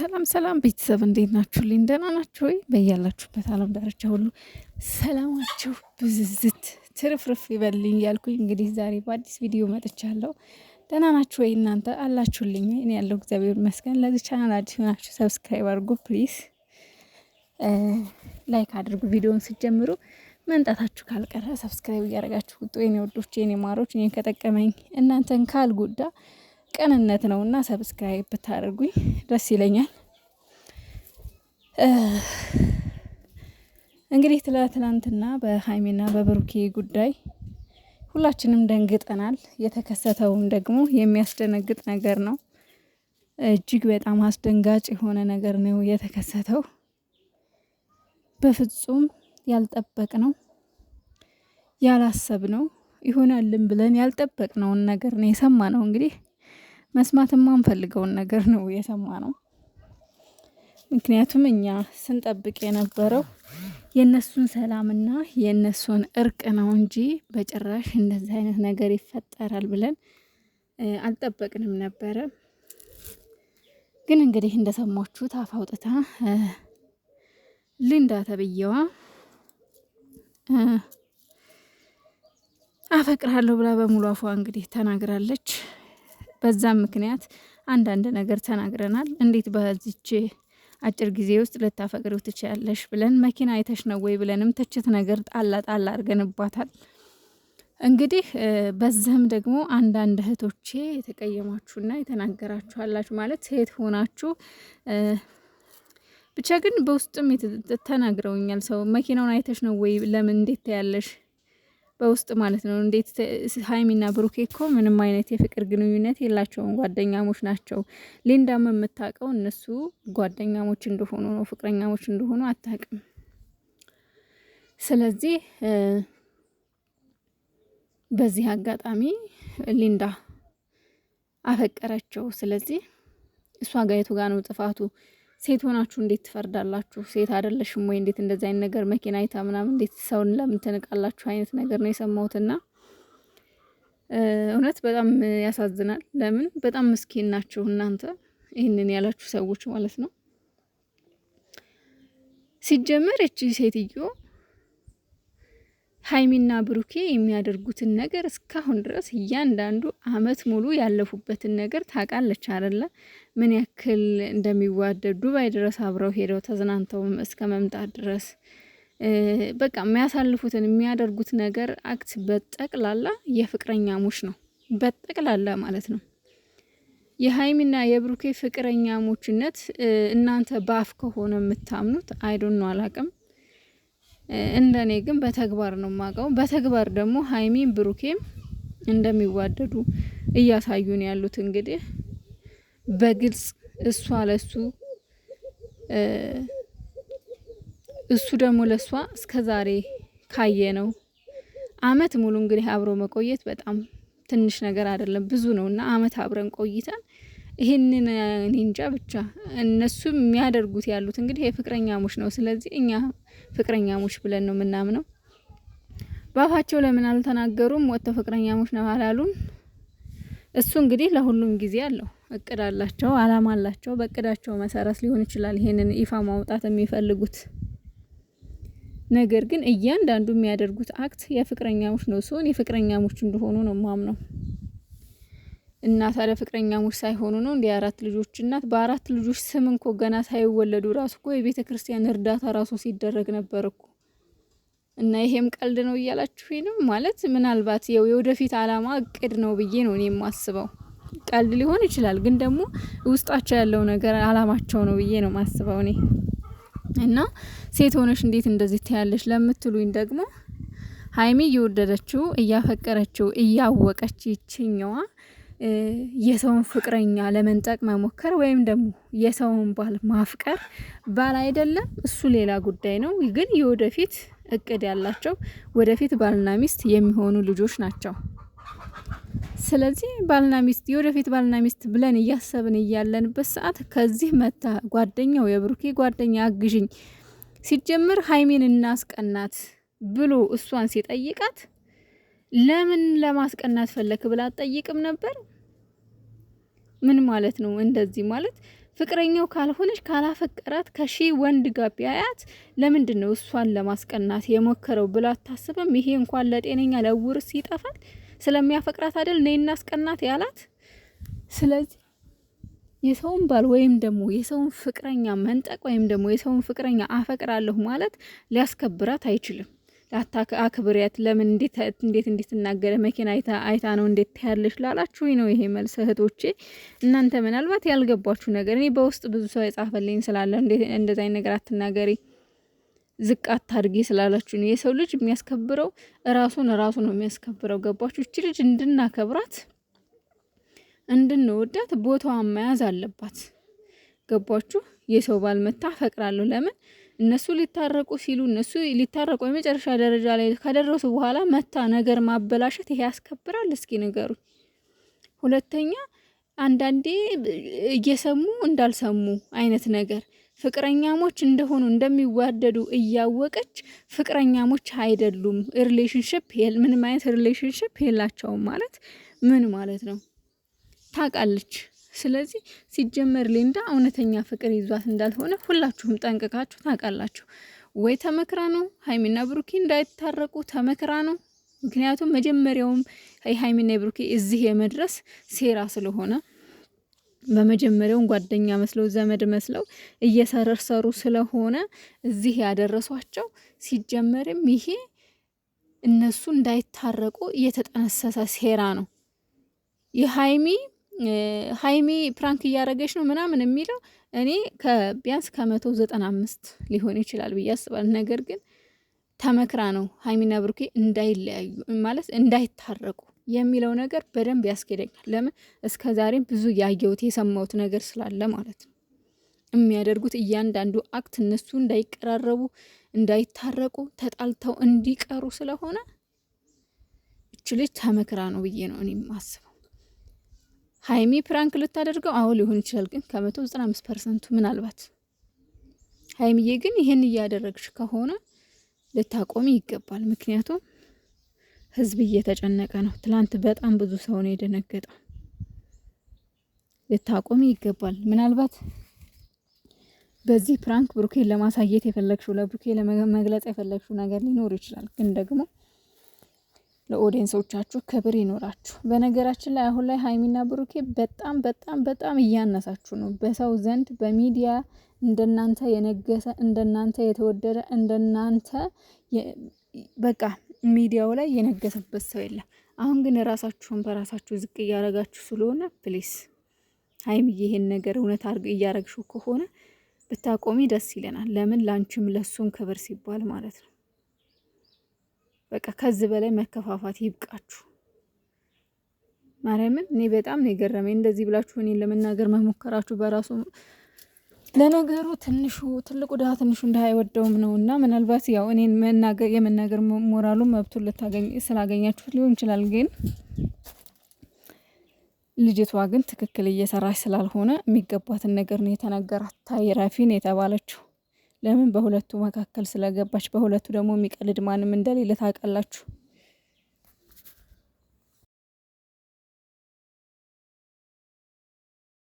ሰላም ሰላም ቤተሰብ እንዴት ናችሁልኝ? ደህና ናችሁ ወይ? በያላችሁበት አለም ዳርቻ ሁሉ ሰላማችሁ ብዝዝት ትርፍርፍ ይበልኝ እያልኩኝ እንግዲህ ዛሬ በአዲስ ቪዲዮ መጥቻለሁ። ደህና ናችሁ ወይ እናንተ አላችሁልኝ? እኔ ያለው እግዚአብሔር ይመስገን። ለዚህ ቻናል አዲስ ናችሁ ሰብስክራይብ አድርጉ ፕሊስ ላይክ አድርጉ። ቪዲዮን ስጀምሩ መምጣታችሁ ካልቀረ ሰብስክራይብ እያደረጋችሁ ውጡ። የኔ ወዶች፣ የኔ ማሮች፣ እኔን ከጠቀመኝ እናንተን ካልጎዳ ቅንነት ነው እና ሰብስክራይብ ብታደርጉኝ ደስ ይለኛል። እንግዲህ ትላንትና በሀይሜና በብሩኬ ጉዳይ ሁላችንም ደንግጠናል። የተከሰተውም ደግሞ የሚያስደነግጥ ነገር ነው። እጅግ በጣም አስደንጋጭ የሆነ ነገር ነው የተከሰተው። በፍጹም ያልጠበቅ ነው ያላሰብ ነው ይሆናልን ብለን ያልጠበቅ ነውን ነገር ነው የሰማ ነው እንግዲህ መስማት የማንፈልገውን ነገር ነው የሰማ ነው። ምክንያቱም እኛ ስንጠብቅ የነበረው የእነሱን ሰላምና የእነሱን እርቅ ነው እንጂ በጭራሽ እንደዚህ አይነት ነገር ይፈጠራል ብለን አልጠበቅንም ነበረ። ግን እንግዲህ እንደሰማችሁት አፍ አውጥታ ሊንዳ ተብዬዋ አፈቅርሃለሁ ብላ በሙሉ አፏ እንግዲህ ተናግራለች። በዛም ምክንያት አንዳንድ ነገር ተናግረናል። እንዴት በዚች አጭር ጊዜ ውስጥ ልታፈቅሪው ትችላለሽ ብለን መኪና አይተሽ ነው ወይ ብለንም ትችት ነገር ጣላ ጣላ አድርገንባታል። እንግዲህ በዚህም ደግሞ አንዳንድ እህቶቼ የተቀየማችሁና የተናገራችኋላችሁ ማለት ሴት ሆናችሁ ብቻ ግን በውስጥም ተናግረውኛል። ሰው መኪናውን አይተሽ ነው ወይ ለምን እንዴት ያለሽ በውስጥ ማለት ነው። እንዴት ሀይሚና ብሩኬ እኮ ምንም አይነት የፍቅር ግንኙነት የላቸውም፣ ጓደኛሞች ናቸው። ሊንዳም የምታውቀው እነሱ ጓደኛሞች እንደሆኑ ነው፣ ፍቅረኛሞች እንደሆኑ አታውቅም። ስለዚህ በዚህ አጋጣሚ ሊንዳ አፈቀረችው። ስለዚህ እሷ ጋር የቱ ጋር ነው ጥፋቱ? ሴት ሆናችሁ እንዴት ትፈርዳላችሁ? ሴት አይደለሽም ወይ? እንዴት እንደዚህ አይነት ነገር መኪና አይታ ምናምን እንዴት ሰውን ለምን ትንቃላችሁ? አይነት ነገር ነው የሰማሁትና እውነት በጣም ያሳዝናል። ለምን በጣም ምስኪን ናችሁ እናንተ ይህንን ያላችሁ ሰዎች ማለት ነው። ሲጀመር እቺ ሴትዮ ሀይሚና ብሩኬ የሚያደርጉትን ነገር እስካሁን ድረስ እያንዳንዱ አመት ሙሉ ያለፉበትን ነገር ታውቃለች አይደለ? ምን ያክል እንደሚዋደድ ዱባይ ድረስ አብረው ሄደው ተዝናንተው እስከ መምጣት ድረስ በቃ የሚያሳልፉትን የሚያደርጉት ነገር አክት በጠቅላላ የፍቅረኛሞች ነው፣ በጠቅላላ ማለት ነው። የሀይሚና የብሩኬ ፍቅረኛ ፍቅረኛሞችነት እናንተ በአፍ ከሆነ የምታምኑት አይዶን ነው አላቅም እንደኔ ግን በተግባር ነው የማውቀው። በተግባር ደግሞ ሀይሚም ብሩኬም እንደሚዋደዱ እያሳዩን ያሉት እንግዲህ በግልጽ እሷ ለሱ እሱ ደግሞ ለእሷ እስከ ዛሬ ካየ ነው አመት ሙሉ እንግዲህ አብሮ መቆየት በጣም ትንሽ ነገር አይደለም፣ ብዙ ነው እና አመት አብረን ቆይተን ይህንን እኔ እንጃ ብቻ እነሱ የሚያደርጉት ያሉት እንግዲህ የፍቅረኛሞች ነው። ስለዚህ እኛ ፍቅረኛሞች ብለን ነው የምናምነው። በአፋቸው ለምን አልተናገሩም? ወጥተው ፍቅረኛሞች ነው አላሉም? እሱ እንግዲህ ለሁሉም ጊዜ አለው። እቅድ አላቸው፣ አላማ አላቸው። በእቅዳቸው መሰረት ሊሆን ይችላል ይሄንን ይፋ ማውጣት የሚፈልጉት ነገር ግን እያንዳንዱ የሚያደርጉት አክት የፍቅረኛሞች ነው ሲሆን የፍቅረኛሞች እንደሆኑ ነው ማምነው። እና ታዲያ ፍቅረኛሞች ሳይሆኑ ነው እንዲህ አራት ልጆች እናት በአራት ልጆች ስም እንኮ ገና ሳይወለዱ ራሱ እኮ የቤተ ክርስቲያን እርዳታ ራሱ ሲደረግ ነበር እኮ። እና ይሄም ቀልድ ነው እያላችሁ ነው ማለት ምናልባት የው የወደፊት አላማ እቅድ ነው ብዬ ነው እኔ የማስበው። ቀልድ ሊሆን ይችላል፣ ግን ደግሞ ውስጣቸው ያለው ነገር አላማቸው ነው ብዬ ነው የማስበው እኔ እና ሴት ሆነሽ እንዴት እንደዚህ ትያለሽ ለምትሉኝ ደግሞ ሀይሚ እየወደደችው እያፈቀረችው እያወቀች ይችኛዋ የሰውን ፍቅረኛ ለመንጠቅ መሞከር ወይም ደግሞ የሰውን ባል ማፍቀር ባል አይደለም፣ እሱ ሌላ ጉዳይ ነው። ግን የወደፊት እቅድ ያላቸው ወደፊት ባልና ሚስት የሚሆኑ ልጆች ናቸው። ስለዚህ ባልና ሚስት የወደፊት ባልና ሚስት ብለን እያሰብን እያለንበት ሰዓት ከዚህ መታ ጓደኛው የብሩኬ ጓደኛ አግዥኝ ሲጀምር ሀይሜን እናስቀናት ብሎ እሷን ሲጠይቃት ለምን ለማስቀናት ፈለክ ብላ አትጠይቅም ነበር? ምን ማለት ነው እንደዚህ ማለት? ፍቅረኛው ካልሆነች ካላፈቀራት ከሺ ወንድ ጋር ቢያያት ለምንድን ነው እሷን ለማስቀናት የሞከረው ብላ አታስብም? ይሄ እንኳን ለጤነኛ ለውርስ ይጠፋል። ስለሚያፈቅራት አይደል እኔ እናስቀናት ያላት። ስለዚህ የሰውን ባል ወይም ደግሞ የሰውን ፍቅረኛ መንጠቅ ወይም ደግሞ የሰውን ፍቅረኛ አፈቅራለሁ ማለት ሊያስከብራት አይችልም። ላታክ አክብሪያት ለምን እንዴት እንዴት እንድትናገረ መኪና አይታ አይታ ነው እንዴት ታያለሽ ላላችሁ ነው ይሄ መልስ እህቶቼ። እናንተ ምናልባት ያልገባችሁ ነገር እኔ በውስጥ ብዙ ሰው የጻፈልኝ ስላለ እንደዛ አይነት ነገር አትናገሪ ዝቅ አታድርጊ ስላላችሁ ነው። የሰው ልጅ የሚያስከብረው ራሱን እራሱ ነው የሚያስከብረው። ገባችሁ? እቺ ልጅ እንድናከብራት እንድንወዳት ቦታዋን መያዝ አለባት። ገባችሁ? የሰው ባል መታ ፈቅራለሁ ለምን እነሱ ሊታረቁ ሲሉ እነሱ ሊታረቁ የመጨረሻ ደረጃ ላይ ከደረሱ በኋላ መታ ነገር ማበላሸት ይሄ ያስከብራል? እስኪ ነገሩ። ሁለተኛ አንዳንዴ እየሰሙ እንዳልሰሙ አይነት ነገር ፍቅረኛሞች እንደሆኑ እንደሚዋደዱ እያወቀች ፍቅረኛሞች አይደሉም፣ ሪሌሽንሽፕ ምንም አይነት ሪሌሽንሽፕ የላቸውም ማለት ምን ማለት ነው? ታውቃለች ስለዚህ ሲጀመር ሊንዳ እውነተኛ ፍቅር ይዟት እንዳልሆነ ሁላችሁም ጠንቅቃችሁ ታውቃላችሁ። ወይ ተመክራ ነው ሀይሚና ብሩኬ እንዳይታረቁ ተመክራ ነው። ምክንያቱም መጀመሪያውም የሀይሚና ብሩኬ እዚህ የመድረስ ሴራ ስለሆነ በመጀመሪያውም ጓደኛ መስለው ዘመድ መስለው እየሰረሰሩ ስለሆነ እዚህ ያደረሷቸው። ሲጀመርም ይሄ እነሱ እንዳይታረቁ እየተጠነሰሰ ሴራ ነው የሀይሚ ሀይሚ ፕራንክ እያደረገች ነው ምናምን የሚለው እኔ ከቢያንስ ከመቶ ዘጠና አምስት ሊሆን ይችላል ብዬ አስባለሁ። ነገር ግን ተመክራ ነው ሀይሚና ብሩኬ እንዳይለያዩ ማለት እንዳይታረቁ የሚለው ነገር በደንብ ያስኬደኛል። ለምን እስከ ዛሬም ብዙ ያየሁት የሰማሁት ነገር ስላለ ማለት ነው። የሚያደርጉት እያንዳንዱ አክት እነሱ እንዳይቀራረቡ እንዳይታረቁ ተጣልተው እንዲቀሩ ስለሆነ እች ልጅ ተመክራ ነው ብዬ ነው እኔ ማስበው። ሀይሚ ፕራንክ ልታደርገው አሁን ሊሆን ይችላል፣ ግን ከመቶ ዘጠና አምስት ፐርሰንቱ ምናልባት። ሀይሚዬ ግን ይህን እያደረግሽ ከሆነ ልታቆሚ ይገባል። ምክንያቱም ህዝብ እየተጨነቀ ነው። ትላንት በጣም ብዙ ሰው ነው የደነገጠው። ልታቆሚ ይገባል። ምናልባት በዚህ ፕራንክ ብሩኬን ለማሳየት የፈለግሽው ለብሩኬ ለመግለጽ የፈለግሽው ነገር ሊኖር ይችላል፣ ግን ደግሞ ለኦዲየንሶቻችሁ ክብር ይኖራችሁ። በነገራችን ላይ አሁን ላይ ሀይሚና ብሩኬ በጣም በጣም በጣም እያነሳችሁ ነው። በሰው ዘንድ በሚዲያ እንደናንተ የነገሰ እንደናንተ የተወደደ እንደናንተ በቃ ሚዲያው ላይ የነገሰበት ሰው የለም። አሁን ግን ራሳችሁን በራሳችሁ ዝቅ እያረጋችሁ ስለሆነ ፕሊስ ሀይሚ ይሄን ነገር እውነት አድርግ እያረግሽው ከሆነ ብታቆሚ ደስ ይለናል። ለምን ላንቺም ለሱም ክብር ሲባል ማለት ነው። በቃ ከዚህ በላይ መከፋፋት ይብቃችሁ። ማርያምን እኔ በጣም ነው የገረመኝ። እንደዚህ ብላችሁ እኔን ለመናገር መሞከራችሁ በራሱ ለነገሩ ትንሹ ትልቁ ድሀ ትንሹ እንደ አይወደውም ነው እና ምናልባት ያው እኔን መናገር የመናገር ሞራሉ መብቱን ልታገኝ ስላገኛችሁት ሊሆን ይችላል። ግን ልጅቷ ግን ትክክል እየሰራች ስላልሆነ የሚገባትን ነገር ነው የተነገራት። ታይራፊን የተባለችው ለምን በሁለቱ መካከል ስለገባች፣ በሁለቱ ደግሞ የሚቀልድ ማንም እንደሌለ ታውቃላችሁ።